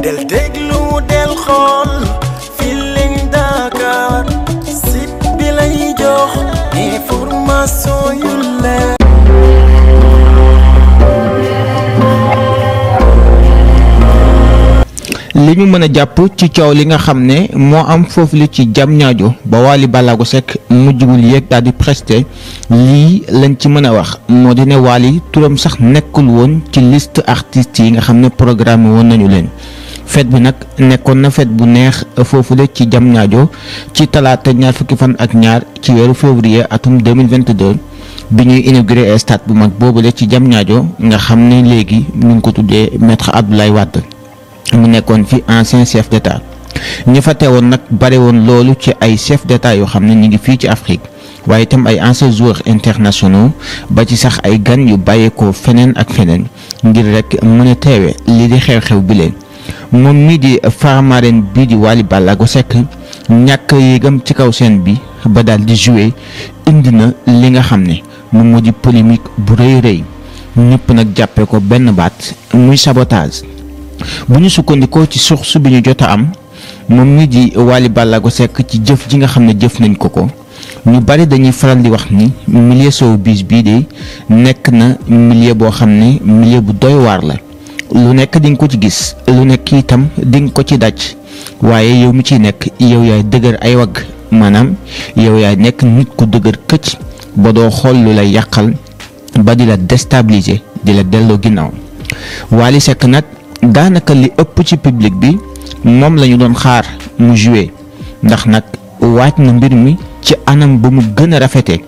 del déglu del xool Feeling Dakar site bi lay jox information yu li ñu mën a jàpp ci coow li nga xam ne moo am foofu ci jam ñaajo ba Wally Ballago Seck mujjugul yéeg daal di presté lii lañ ci mën a wax moo di ne waali turam sax nekkul woon ci liste artistes yi nga xam ne programme woon nañu leen fête bi nag nekkoon na fête bu neex foofule ci jam ñaajo ci talaata ñaar fukki fan ak ñaar ci weeru février atum 2022 bi ñuy inauguré stade bu mag boobu boobule ci jam ñaajo nga xam ne léegi ñu ngi ko tuddee maître Abdoulaye Wade mu nekkoon fi ancien chef d'état ñi fa teewoon nag bare woon loolu ci ay chef d'état yoo xam ne ñu ngi fii ci Afrique waaye itam ay anciens joueurs internationaux ba ci sax ay gan yu bàyyeekoo feneen ak feneen ngir rek mën a teewe li di xew-xew bi leen moom mii di Faramareen bii di Wally Ballago Seck ñàkk yéegam ci kaw seen bi ba daal di jouer indi na li nga xam ne moom moo di bu rëy rëy ñëpp nag jàppee ko benn baat muy sabotage bu ñu sukkandikoo ci source bi ñu jot a am moom mi di Wally Ballago sekk ci jëf ji nga xam ne jëf nañ ko ko ñu bari dañuy faral di wax ni milieu showbiz bii de nekk na milieu boo xam ne milieu bu doy waar la lu nekk di nga ko ci gis lu nekk itam dinga ko ci daj waaye yow mi ciy nekk yow yaay dëgër ay wagg maanaam yow yaay nekk nit ku dëgër këcc ba doo xool lu lay yàqal ba di la déstabiliser di la delloo ginnaaw Wally Seck nag daanaka li ëpp ci public bi moom lañu doon xaar mu joué ndax nag waaj na mbir mi ci anam ba mu gën a rafetee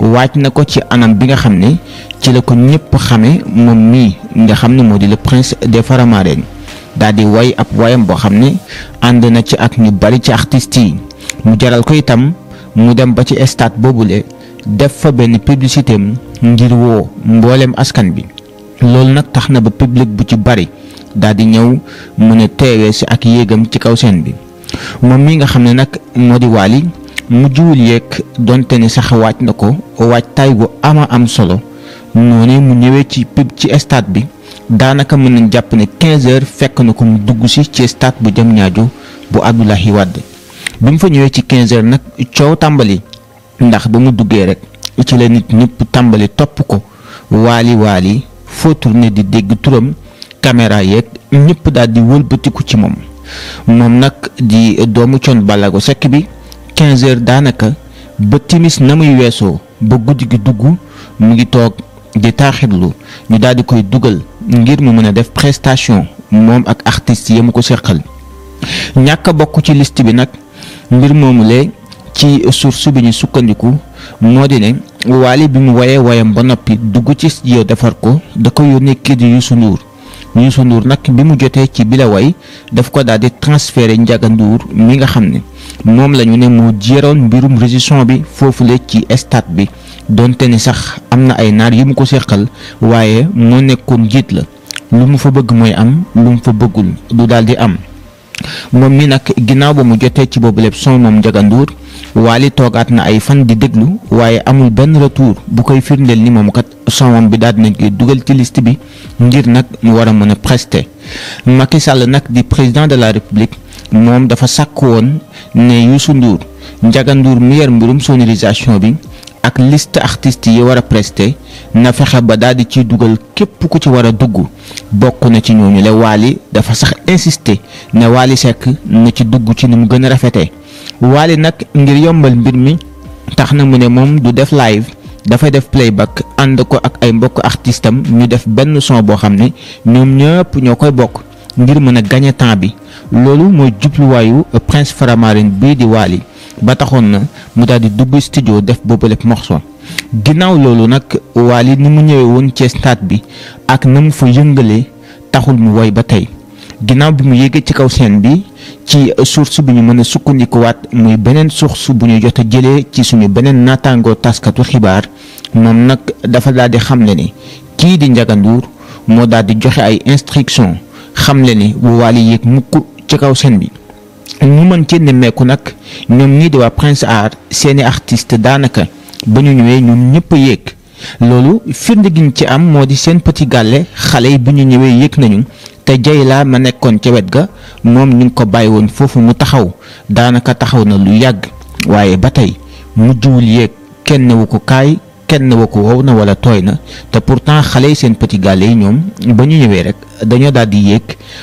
waaj na ko ci anam bi nga xam ne ci la ko ñëpp xamee moom mii nga xam ne moo di le prince des Faramareen daal di way ab wayam boo xam ne ànd na ci ak ñu bari ci artistes yi mu jaral ko itam mu dem ba ci boobu boobule def fa benn publicité ngir woo mbooleem askan bi loolu nag tax na ba public bu ci bari. daal di ñëw mu ne teewee si ak yéegam ci kaw seen bi moom mi nga xam ne nag moo di Wally mu jiwul yeeg donte ne sax waaj na ko waaj taay bu ama am solo noonu mu ñëwee ci pub ci stade bi daanaka mën nañ jàpp ne 15 heures fekk na ko mu dugg si ci stade bu Diamniadio bu Abdoulaye Wade bi mu fa ñëwee ci 15 heures nag coow tàmbali ndax ba mu duggee rek ci la nit ñëpp tàmbali topp ko waali waali foo tourné di dégg turam. caméra yeeg ñëpp daal di wëlbatiku ci moom moom nag di doomu con Ballago Seck bi 15 heures daanaka ba timis na muy weesoo ba guddi gi dugg mu ngi toog di taaxirlu ñu daal di koy dugal ngir mu mën a def prestation moom ak artistes yi mu ko seqal ñàkk a ci liste bi nag mbir moomu lee ci source bi ñu sukkandiku moo di ne Wally bi mu wayee wayam ba noppi dugg ci studio defar ko da ko yónnee kii di Youssou Youssou Ndour nag bi mu jotee ci bi la ko daal di transféré Ndiaga mi nga xam ne moom la ñu ne moo jéeroon mbirum régissant bi foofu foofule ci stade bi donte ne sax am na ay naar yu mu ko seqal waaye moo nekkoon njiit la lu mu fa bëgg mooy am lu mu fa bëggul du daal di am. moom mi nag ginnaaw ba mu jotee ci boobu lépp son moom Ndiaga Ndour toogaat na ay fan di déglu waaye amul benn retour bu koy firndeel ni moom kat son moom bi daal dinañ koy dugal ci liste bi ngir nag mu war a mën a prester Macky nag di président de la république moom dafa sàkk woon ne Youssou Ndour Ndiaga Ndour mi mbirum sonorisation bi ak liste artistes yi war a prester na fexe ba daal di ciy dugal képp ku ci war a dugg. bokk na ci ñooñu le Wally dafa sax insister ne Wally Seck na ci dugg ci ni mu gën a rafetee Wally nag ngir yombal mbir mi tax na mu ne moom du def live dafay def playback ànd ko ak ay mbokk artistam ñu def benn son boo xam ne ñoom ñëpp ñoo koy bokk ngir mën a gagner temps bi loolu mooy jubluwaayu Prince Faramareen bii di Wally ba taxoon na mu daal di dugg studio def boobu lépp morceau ginnaaw loolu nag Wally ni mu ñëwee woon ci stade bi ak na mu fa yëngalee taxul mu woy ba tey ginnaaw bi mu yéegee ci kaw seen bi ci source bi ñu mën a sukkandikuwaat muy beneen source bu ñu jot a jëlee ci suñu beneen naataangoo taskatu xibaar moom nag dafa daal di xamle ni kii di Ndiaga moo daal di joxe ay instruction xamle ni bu Wally yéeg mukk ci kaw scène bi ñu mën cee nemmeeku nag ñoom ñii di waa Prince Art seeni artiste daanaka ba ñu ñëwee ñoom ñëpp yéeg loolu firnde gi ci am moo di seen petit gàlle xale yi bu ñu ñëwee yéeg nañu te Jayla ma nekkoon ca wet ga moom ñu ngi ko bàyyi woon foofu mu taxaw daanaka taxaw na lu yàgg waaye ba tey mujjuwul yéeg kenn wu ko kaay kenn wu ko wow na wala tooy na te pourtant xale yi seen petit gàlle yi ñoom ba ñu ñëwee rek dañoo daal di yéeg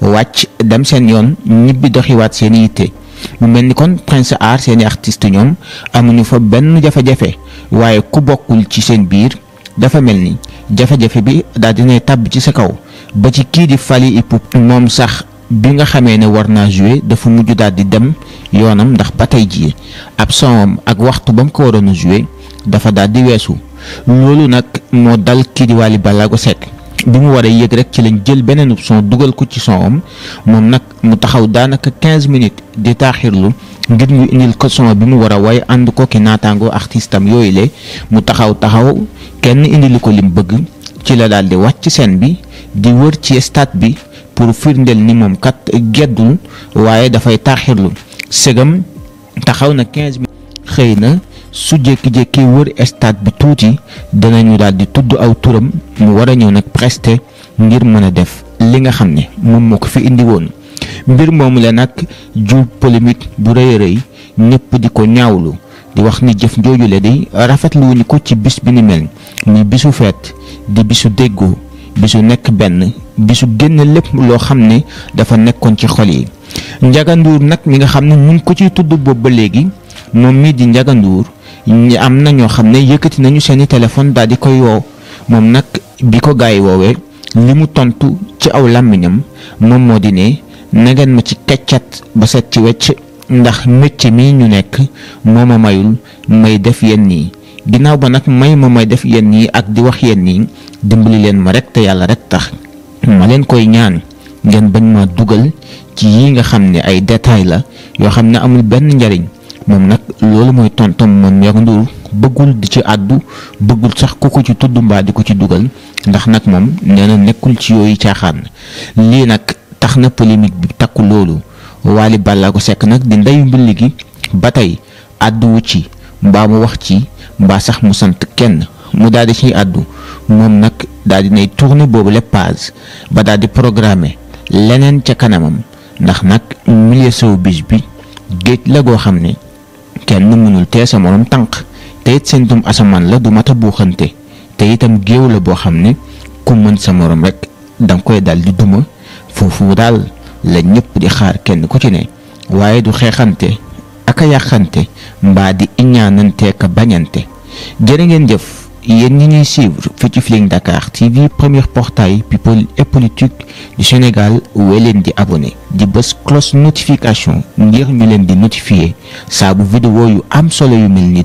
wàcc dem seen yoon ñibbi doxiwaat seen yitte. mu mel ni kon Prince Art seeni artiste ñoom amuñu fa benn jafe-jafe waaye ku bokkul ci seen biir dafa mel ni jafe-jafe bi daal dinay tàbb ci sa kaw ba ci kii di Fally Ipup moom sax bi nga xamee ne war naa jouer dafa mujj daal di dem yoonam ndax ba tey jii ab sonam ak waxtu ba mu ko waroon a jouer dafa daal di weesu loolu nag moo dal kii di Wally Ballago Seck bi mu waree yëg rek ci lañ jël beneen son dugal ko ci soowam moom nag mu taxaw daanaka quinze minutes di taaxirlu ngir ñu indil ko bi mu war a way ànd ko ki naataangoo artiste am yooyu le mu taxaw taxaw kenn indilu ko lim bëgg ci la daal di wàcc seen bi di wër ci stade bi pour firndeel ni moom kat geddul waaye dafay taaxirlu ségam taxaw na quinze minutes xëy na su jékki-jékki wër stade bi tuuti danañu daal di tudd aw turam mu war a ñëw nag preste ngir mën a def li nga xam ne moom moo ko fi indi woon. mbir moomu la nag jur polémique bu rëy a rëy ñëpp di ko ñaawlu di wax ni jëf jooju la di rafetluwuñu ko ci bis bi ni mel ni bisu feet di bisu déggoo bisu nekk benn bisu génn lépp loo xam ne dafa nekkoon ci xol yi njaganduur nag mi nga xam ne ñu ko ciy tudd boobu ba léegi moom mii di njaganduur ñi am na ñoo xam ne yëkkati nañu seeni téléphone daal di koy woo moom nag bi ko gaay woowee li mu tontu ci aw làmmiñam moom moo di ne nagan ma ci keccat ba set ci wecc ndax métier mi ñu nek moma ma mayul may def yenn ni ginaaw ba nak may ma may def yenn ni ak di wax yenn ni dimbali len ma rek te yalla rek tax ma len koy ñaan ngeen bañ ma dugal ci yi nga xamne ay detail la yo xamne amul benn ndariñ mom nak lolu moy tontom moom yor ndul beugul di ci addu beugul sax ku ko ci tuddu mba di ko ci duggal ndax mom neena nekul ci yoy ci xaan li nak tax na polémique bi takku loolu Wally Ballago Seck nag di ndeyu mbill gi ba tey àdduwu ci mbaa mu wax ci mbaa sax mu sant kenn mu daal di ciy àddu moom nag daal di nay tourner boobu la page ba daal di programmer leneen ca kanamam ndax nag milieu sow bis bi géej la goo xam ne kenn mënul tee sa morom tànk te it seentum asamaan la du mat a buuxante te itam géew la boo xam ne ku mën sa moroom rek danga koy dal di duma foofu dal la ñepp di xaar kenn ku ci ne waaye du xeexante ak a yàqante mbaa di iñaanante ak a bañante jërë ngeen jëf yéen ñi Dakar TV premier portail people et politique du Sénégal Où leen di abonné di bës notification ngir ñu leen di notifier saa bu vidéo yu am solo yu mel